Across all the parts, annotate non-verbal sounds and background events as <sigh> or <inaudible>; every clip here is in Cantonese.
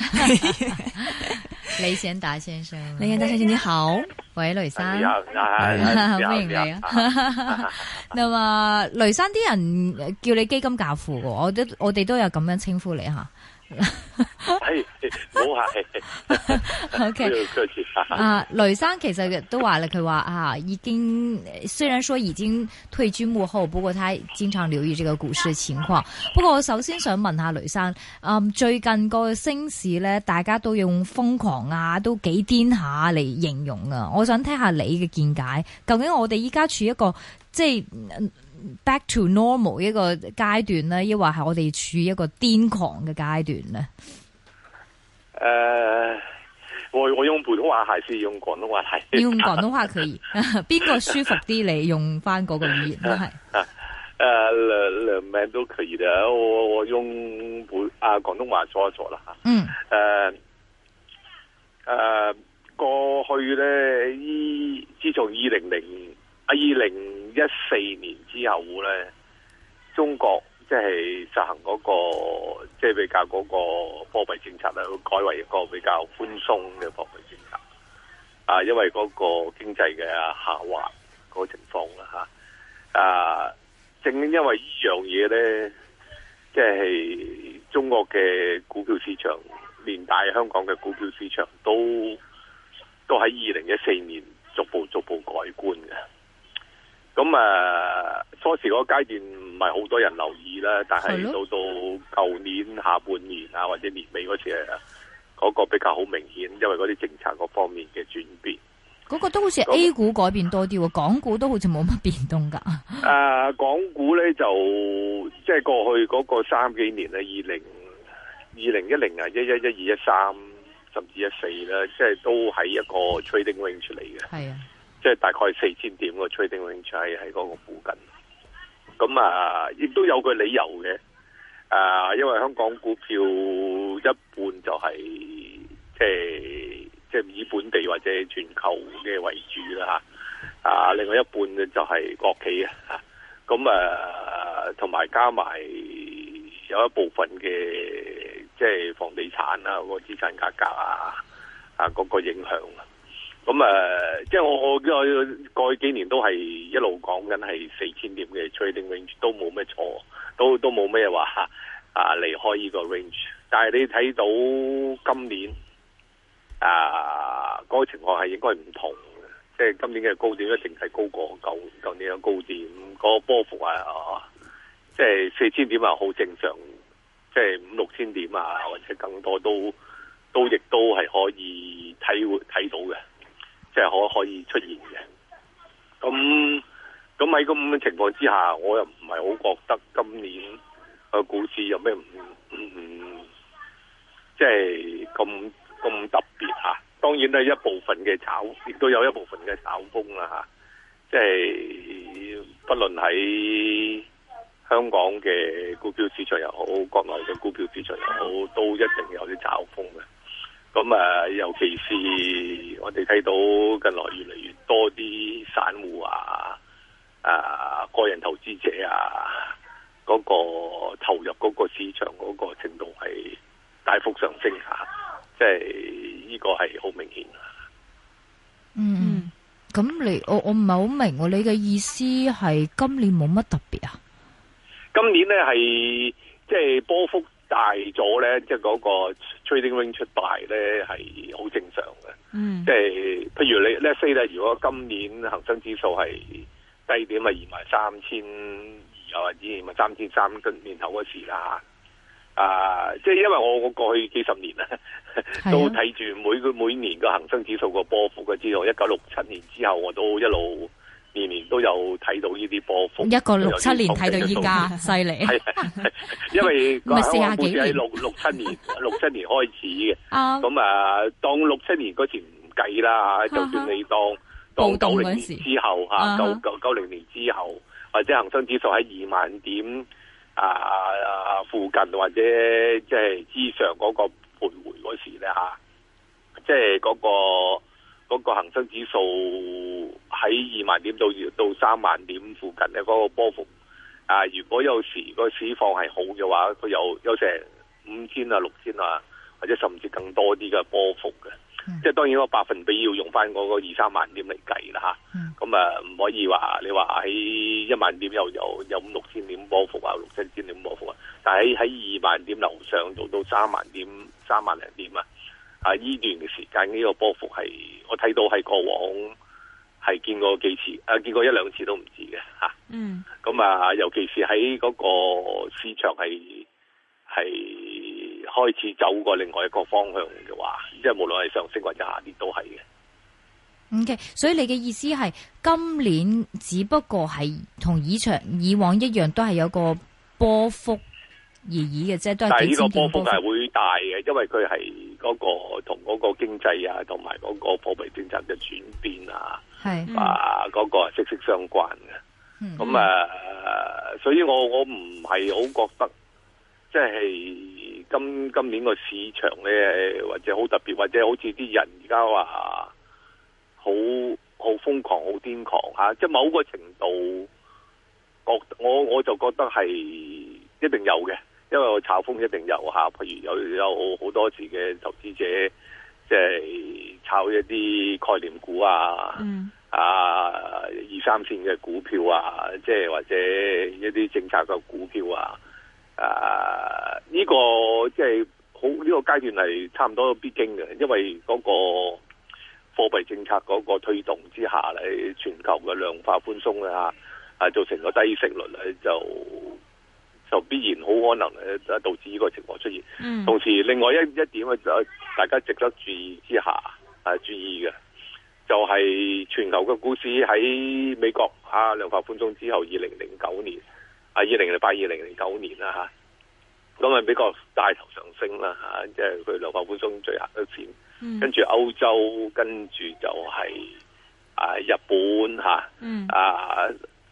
<laughs> 雷賢達先生， <laughs> 雷賢達先生你好，喂，雷生，歡迎你啊！嗱，嘛，雷生啲人叫你基金教父，我都我哋都有咁樣稱呼你吓。好啊，雷生其實都話啦，佢話啊，已經雖然說已經退居幕後，不過他經常留意這個股市嘅情況。不過我首先想問下雷生，啊、嗯，最近個升市咧，大家都用瘋狂啊，都幾癲下嚟形容啊。我想聽下你嘅見解，究竟我哋依家處於一個即係，呃 back to normal 一個階段咧，抑或係我哋處於一個癲狂嘅階段呢？誒，我我用普通話還是用廣東話嚟？用廣東話可以，邊個 <laughs> <laughs> 舒服啲？你用翻嗰個語言都係。誒，兩兩面都可以的。我我用普啊廣東話坐一坐啦吓。嗯。誒誒，過去咧，依自從二零零啊二零。一四年之後咧，中國即係實行嗰個，即係比較嗰個貨幣政策咧，改為一個比較寬鬆嘅貨幣政策。啊，因為嗰個經濟嘅下滑嗰個情況啦嚇。啊，正因為呢樣嘢咧，即係中國嘅股票市場，連大香港嘅股票市場都都喺二零一四年逐步逐步改觀嘅。咁啊、嗯，初時嗰個階段唔係好多人留意啦，但係到到舊年下半年啊，或者年尾嗰次啊，嗰、那個比較好明顯，因為嗰啲政策嗰方面嘅轉變。嗰個都好似 A 股改變多啲，那個、港股都好似冇乜變動㗎。誒、呃，港股咧就即係、就是、過去嗰個三幾年咧，二零二零一零啊，一一一二一三甚至一四咧，即、就、係、是、都喺一個 trading range 出嚟嘅。係啊。即係大概四千點個 trading range，喺嗰個附近，咁啊亦都有個理由嘅，啊因為香港股票一半就係即係即係以本地或者全球嘅為主啦吓，啊另外一半呢就係國企啊，咁啊同埋加埋有一部分嘅即係房地產啊、嗰個資產價格啊啊嗰、嗰個影響、啊。咁誒、嗯啊，即係我我我過去幾年都係一路講緊係四千點嘅，Trading Range 都冇咩錯，都都冇咩話啊離開呢個 range。但係你睇到今年啊，嗰、嗰個情況係應該唔同嘅，即、就、係、係、今年嘅高點一定係高過舊舊年嘅高點。嗰、嗰個波幅啊，即係四千點啊，好、就係、正常。即係五六千點啊，或者更多都都亦都係可以睇會睇到嘅。即係可以可以出現嘅，咁咁喺咁嘅情況之下，我又唔係好覺得今年個股市有咩唔唔即係咁咁特別吓、啊。當然都係一部分嘅炒亦都有一部分嘅炒風啦吓。即係、啊、就是、不論喺香港嘅股票市場又好，國內嘅股票市場又好，都一定有。咁啊，尤其是我哋睇到近來越嚟越多啲散戶啊、啊個人投資者啊，嗰、嗰個投入嗰個市場嗰個程度係大幅上升吓、啊，即係呢個係好明顯啊嗯。嗯，咁你我我唔係好明，你嘅意思係今年冇乜特別啊？今年呢係即係波幅大咗咧，即係嗰個。Trading Wing 出大咧，係好正常嘅，嗯、即係譬如你 Let's say 咧，say, 如果今年恒生指數係低點啊，移埋三千二啊，或者三千三跟年頭嗰時啦嚇，啊，即係因為我我過去幾十年咧、啊、都睇住每個每年個恒生指數個波幅嘅，知道一九六七年之後我都一路。年年都有睇到呢啲波幅，一個六七年睇到依家，犀利波幅。 <laughs> 因為咁啊，嗰時係六六七年、六七年開始嘅。咁啊，啊，當六七年嗰時唔計啦，啊、就算你當到九零年之後九九九零年之後，或者恆生指數喺二萬點啊附近或者即係之上嗰個徘徊嗰時咧，即係嗰個嗰、嗰個恆生指數。喺二萬點到到三萬點附近咧，嗰個波幅啊，如果有時個市況係好嘅話，佢有有成五千啊六千啊，或者甚至更多啲嘅波幅嘅。的即係當然，我百分比要用翻嗰個二三萬點嚟計啦吓咁啊，唔的可以話你話喺一萬點又有有五六千點波幅啊，六七千點波幅啊。但係喺二萬點樓上做到三萬點三萬零點啊，啊呢段嘅時間呢個波幅係我睇到係過往。係見過幾次，啊，見過一兩次都唔止嘅吓。嗯。咁啊，尤其是喺嗰個市場係係開始走過另外一個方向嘅話，即係無論係上升或者下跌都係嘅。OK，、嗯、所以你嘅意思係今年只不過係同以前以往一樣，都係有一個波幅而已嘅啫，都係幾升幾波幅。但係會大嘅，因為佢係嗰個同嗰個經濟啊，同埋嗰個貨幣政策嘅轉變啊。係、嗯、啊，嗰、那個係息息相關嘅。咁、嗯、啊，所以我我唔係好覺得，即、就、係、是、今今年個市場咧，或者好特別，或者好似啲人而家話好好瘋狂、好癲狂吓，即、啊、係、就是、某個程度，覺我我就覺得係一定有嘅，因為我炒風一定有吓、啊，譬如有有好多次嘅投資者。即係炒一啲概念股啊，嗯、啊二三線嘅股票啊，即係或者一啲政策嘅股票啊，啊呢個即係好呢個階段係差唔多必經嘅，因為嗰個貨幣政策嗰個推動之下，喺全球嘅量化寬鬆啊，啊造成一個低息率咧就。就必然好可能誒導致呢個情況出現。嗯、同時，另外一一點嘅誒，大家值得注意之下誒注意嘅，就係全球嘅股市喺美國吓量化寬鬆之後，二零零九年啊，二零零八二零零九年啦吓。咁啊，美國帶頭上升啦吓，即係佢量化寬鬆最下啲錢。跟住歐洲，跟住就係啊日本吓，嗯、啊，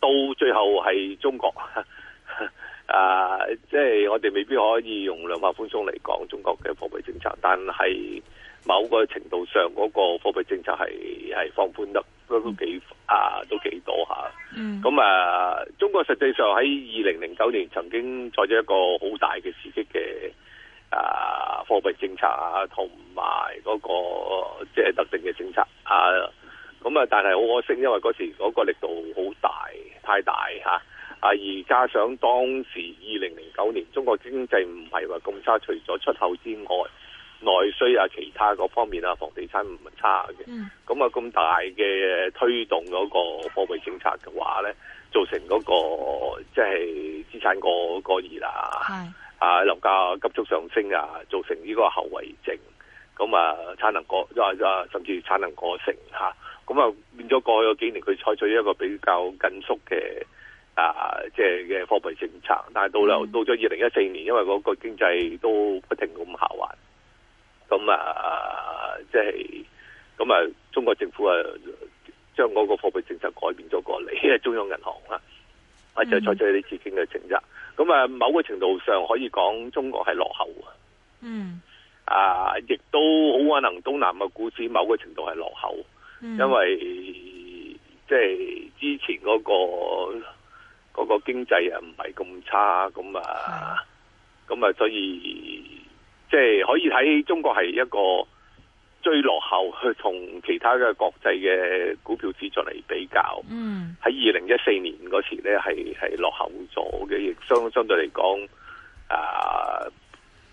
到最後係中國。 <laughs> 啊，即係我哋未必可以用量化寬鬆嚟講中國嘅貨幣政策，但係某個程度上嗰個貨幣政策係係放寬得都幾、嗯、啊都幾多下。咁啊、嗯、啊，中國實際上喺二零零九年曾經採取一個好大嘅刺激嘅啊貨幣政策，同埋嗰個即係、就是、特定嘅政策啊。咁啊，但係好可惜，因為嗰時嗰個力度好大太大、啊啊！而加上當時二零零九年，中國經濟唔係話咁差，除咗出口之外，內需啊其他各方面啊，房地產唔係差嘅。咁啊、嗯，咁大嘅推動嗰個貨幣政策嘅話咧，造成嗰、那個即係、就是、資產過過熱啦。係啊，樓價急速上升啊，造成呢個後遺症。咁啊，產能過啊甚至產能過剩嚇。咁啊，變咗過去嗰幾年，佢採取一個比較緊縮嘅。啊，即係嘅貨幣政策，但係到咗、嗯、到咗二零一四年，因為嗰個經濟都不停咁下滑，咁啊，即、就、係、是，咁啊，中國政府啊，將嗰個貨幣政策改變咗過嚟，中央銀行啦、啊，就採取啲刺激嘅政策，咁啊，某個程度上可以講中國係落後、嗯、啊，嗯，啊，亦都好可能東南嘅股市某個程度係落後，嗯、因為即係、就是、之前嗰、那個。嗰個經濟啊，唔係咁差，咁啊，咁啊，所以即係可以睇中國係一個最落後，去同其他嘅國際嘅股票市場嚟比較。嗯，喺二零一四年嗰時咧，係係落後咗嘅，相相對嚟講，啊，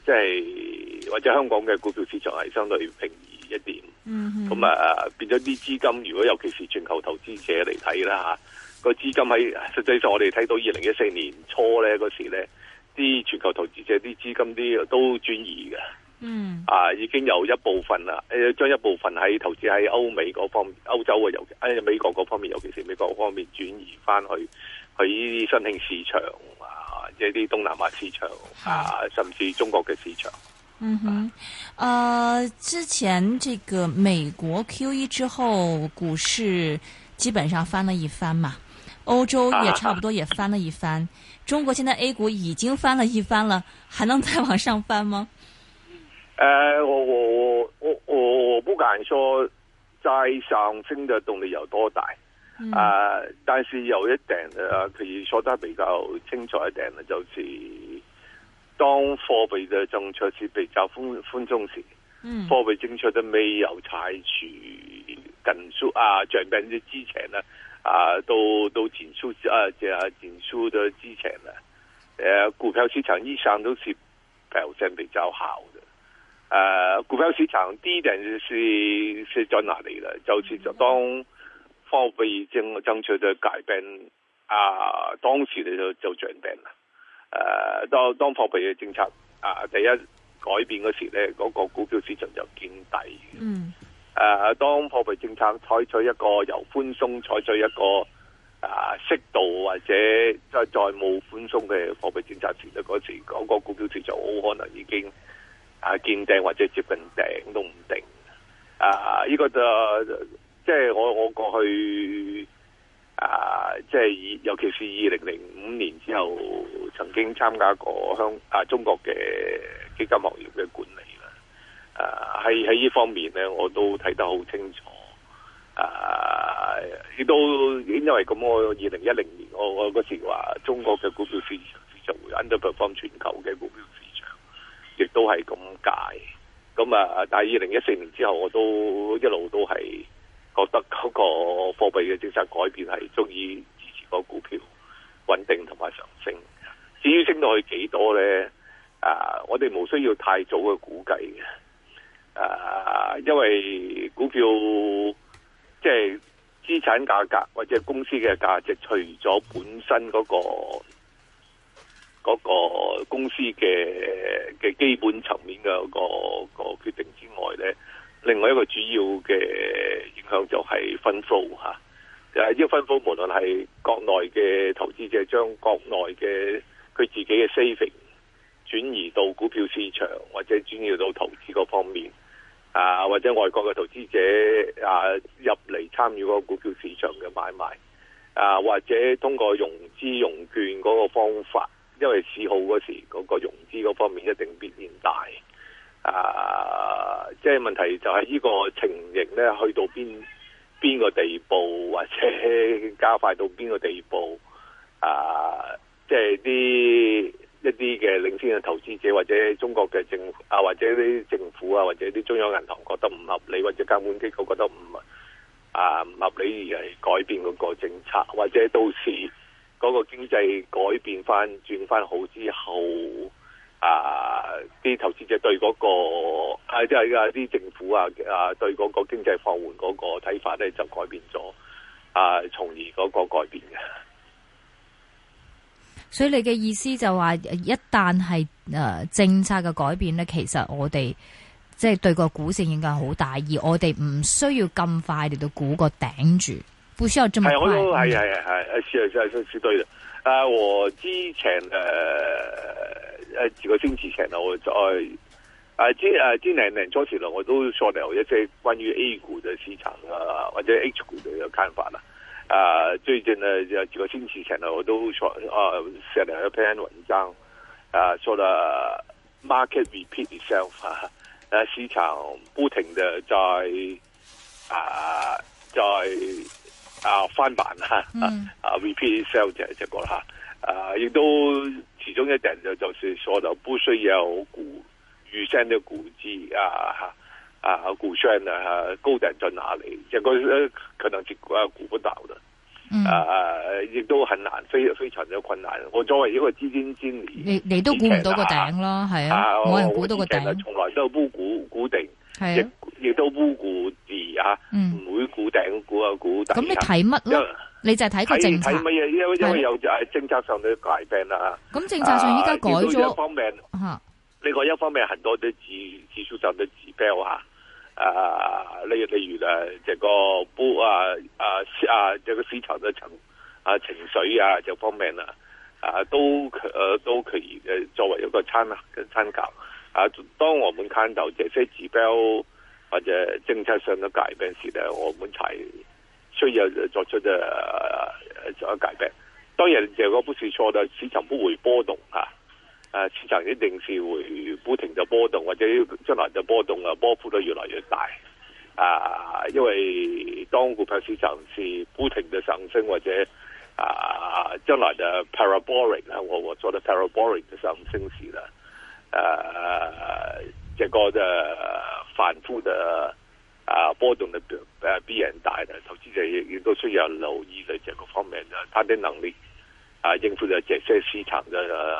即係或者香港嘅股票市場係相對平宜一點。嗯，咁啊，變咗啲資金，如果尤其是全球投資者嚟睇啦吓個資金喺實際上，我哋睇到二零一四年初咧嗰時咧，啲全球投資者啲資金啲都轉移嘅。嗯，啊，已經有一部分啦，將一部分喺投資喺歐美嗰方歐洲啊，尤其美國嗰方面，尤其是美國方面轉移翻去去呢啲新興市場啊，即係啲東南亞市場啊，甚至中國嘅市場。嗯哼，誒、啊，之前這個美國 QE 之後，股市基本上翻了一番嘛。歐洲也差不多也翻了一番，啊、中國現在 A 股已經翻了一番了，還能再往上翻嗎？呃我我我我我不敢說再上升的動力有多大，啊、嗯呃，但是有一點可以說得比較清楚一點啦，就是當貨幣的政策是比較寬寬鬆時，嗯，貨幣政策都沒有採取緊縮啊，轉變之前啦。啊，到到前數啊，即係前數嘅之前啦。誒，股票市場以上都是表現比較好嘅。誒、啊，股票市場第一點就是係在哪裏啦？就是當貨幣政政策嘅改變啊，當時就就漲跌啦。誒、啊，當當貨幣嘅政策啊，第一改變嗰時咧，嗰、那個股票市場就見底。嗯。誒、啊，當貨幣政策採取一個由寬鬆採取一個啊適度或者即係再冇寬鬆嘅貨幣政策時咧，嗰時嗰個股票市場好可能已經啊見頂或者接近頂都唔定。啊，呢、這個、啊、就即、是、係我我過去啊，即、就、係、是、尤其是二零零五年之後曾經參加過香啊中國嘅基金行業嘅管理。誒，喺喺呢方面咧，我都睇得好清楚。誒、啊，亦都因為咁，我二零一零年，我我嗰時話中國嘅股票市場非常會 underperform 全球嘅股票市場，亦都係咁解。咁啊，但係二零一四年之後，我都一路都係覺得嗰個貨幣嘅政策改變係鍾意支持個股票穩定同埋上升。至於升到去幾多咧？啊，我哋冇需要太早嘅估計嘅。誒、啊，因為股票即係資產價格或者公司嘅價值，除咗本身嗰、那個嗰、那個公司嘅嘅基本層面嘅嗰、那個、那個決定之外咧，另外一個主要嘅影響就係 fund flow 吓。誒、就是，呢個 fund flow 無論係國內嘅投資者將國內嘅佢自己嘅 saving 轉移到股票市場，或者轉移到投資嗰方面。啊，或者外國嘅投資者啊入嚟參與嗰個股票市場嘅買賣，啊或者通過融資融券嗰個方法，因為市好嗰時嗰個融資嗰方面一定必然大，啊即係、就是、問題就係呢個情形咧去到邊邊個地步，或者加快到邊個地步，啊即係啲。就是一啲嘅領先嘅投資者，或者中國嘅政啊，或者啲政府啊，或者啲中央銀行覺得唔合理，或者監管機構覺得唔啊唔合理而係改變嗰個政策，或者到時嗰個經濟改變翻轉翻好之後，啊啲投資者對嗰個啊即係啊啲政府啊啊對嗰個經濟放緩嗰個睇法咧就改變咗啊，從而嗰個改變嘅。所以你嘅意思就話，一旦係誒政策嘅改變咧，其實我哋即係對個股市影響好大，而我哋唔需要咁快嚟到估個頂住，不需要咁快。係，係，係，係，係，係，是，係，係，係，是對嘅。誒、啊，我之前誒誒幾個星期前在啊，我再誒之誒之年年初時我都 share 一啲關於 A 股嘅市場啊，或者 H 股嘅看法啦。啊，最近呢就幾個星期前呢我都說啊寫了一篇文章，啊，說了 market repeat itself，啊市場不停的在啊在啊翻版啊、嗯、啊，repeat itself 這個這個啦，啊亦都其中一點就就是說就不需要估預先嘅估值啊，啊估商啊高點在哪裏這個可能就估、啊、估不到。嗯，啊啊，亦都很難，非非常之困難。我作為一個資金經理，你你都估唔到個頂咯，係啊，冇人估到個頂。從來都冇估估定，亦亦都冇估字啊，唔會估頂，估啊估。咁你睇乜咧？你就係睇個政策。睇乜嘢？因為有喺政策上都改翻啦吓。咁政策上依家改咗。呢個一方面，很多啲指指數上啲指標吓。啊例例如、這個、啊，即個波啊啊啊，這個市場嘅、啊、情啊情緒啊，這方面啦、啊，啊都誒、啊、都可以誒作為一個參考。啊，當我們看到這些指標或者政策上嘅改變時咧，我們才需要作出嘅一、啊啊、改變。當然，這個不是錯的，但係市場不會波動啊。啊！市場一定是會不停嘅波動，或者將來嘅波動啊，波幅都越來越大啊！因為當股票市場是不停嘅上升，或者啊將來嘅 parabolic 啦，我我覺得 parabolic 嘅上升時啦，誒、啊，這個嘅反覆嘅啊波動嘅誒必然大嘅，投資者亦都需要留意嘅，即係方面嘅，佢啲能力啊應付嘅這些市場嘅。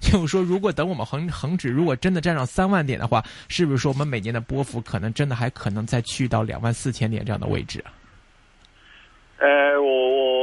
就是說，如果等我們恒恒指如果真的站上三萬點的話，是不是說我們每年的波幅可能真的還可能再去到兩萬四千點這樣的位置啊？啊呃我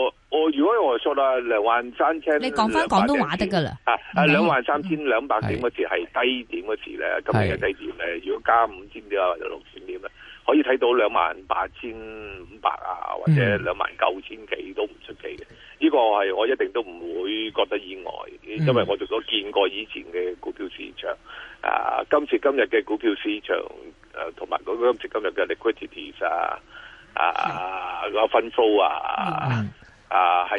我我如果我說啦，兩萬三千，你講翻廣東話得㗎喇。啊，有啊兩萬三千兩百點嗰陣係低點嗰陣咧，嗯、今年嘅低點咧，嗯、如果加五千點啊或者六千點啦。可以睇到兩萬八千五百啊，或者兩萬九千幾都唔出奇嘅。呢、嗯、個係我一定都唔會覺得意外，嗯、因為我哋所見過以前嘅股票市場啊、呃，今次今日嘅股票市場誒，同埋嗰今次今日嘅 liquidity 啊啊個分數啊、嗯、啊係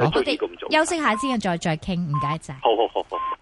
誒咁做。哦、休息下先啊，再再傾，唔該曬。好好好。好。